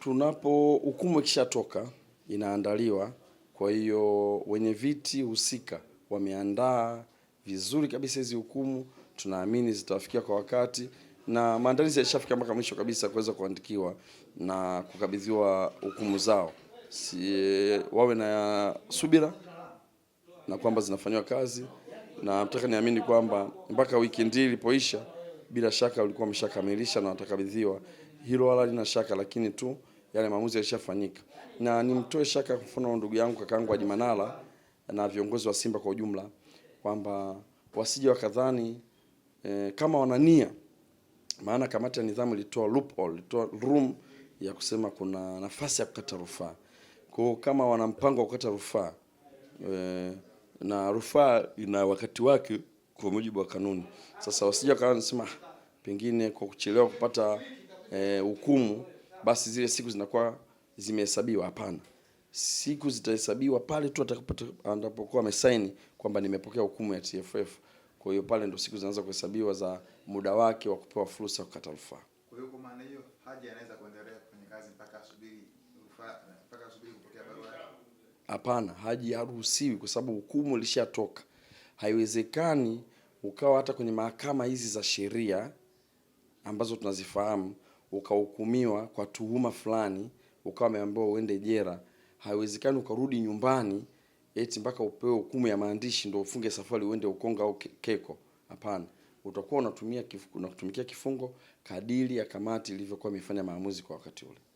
tunapo hukumu ikishatoka inaandaliwa. Kwa hiyo wenye viti husika wameandaa vizuri kabisa hizi hukumu, tunaamini zitafikia kwa wakati na maandalizi yashafika mpaka mwisho kabisa kuweza kuandikiwa na kukabidhiwa hukumu zao. Si, wawe na subira na kwamba zinafanywa kazi, na nataka niamini kwamba mpaka weekend hii ilipoisha, bila shaka ulikuwa umeshakamilisha na watakabidhiwa. Hilo wala lina shaka, lakini tu yale maamuzi yalishafanyika, na nimtoe shaka kwa mfano ndugu yangu kakaangu Haji Manara na viongozi wa Simba kwa ujumla kwamba wasije wakadhani e, kama wanania, maana kamati ya nidhamu ilitoa loophole, ilitoa room ya kusema kuna nafasi ya kukata rufaa. Kwa kama wana mpango wa kukata rufaa e, na rufaa ina wakati wake kwa mujibu wa kanuni. Sasa wasije wakaanasema ah, pengine kwa kuchelewa kupata eh, hukumu eh, basi zile siku zinakuwa zimehesabiwa. Hapana, siku zitahesabiwa pale tu atakapokuwa amesaini kwamba nimepokea hukumu ya TFF. Kwa hiyo pale ndo siku zinaanza kuhesabiwa za muda wake wa kupewa fursa kukata rufaa. Kwa hiyo kwa maana hiyo Haji anaweza kuendelea kufanya kazi mpaka asubiri rufaa, mpaka asubiri kupokea barua. Hapana, Haji haruhusiwi kwa sababu hukumu ilishatoka. Haiwezekani ukawa hata kwenye mahakama hizi za sheria ambazo tunazifahamu ukahukumiwa kwa tuhuma fulani, ukawa umeambiwa uende jera, haiwezekani ukarudi nyumbani eti mpaka upewe hukumu ya maandishi ndio ufunge safari uende Ukonga au Keko. Hapana, utakuwa unatumia kifungo, unatumikia kifungo kadiri ya kamati ilivyokuwa imefanya maamuzi kwa wakati ule.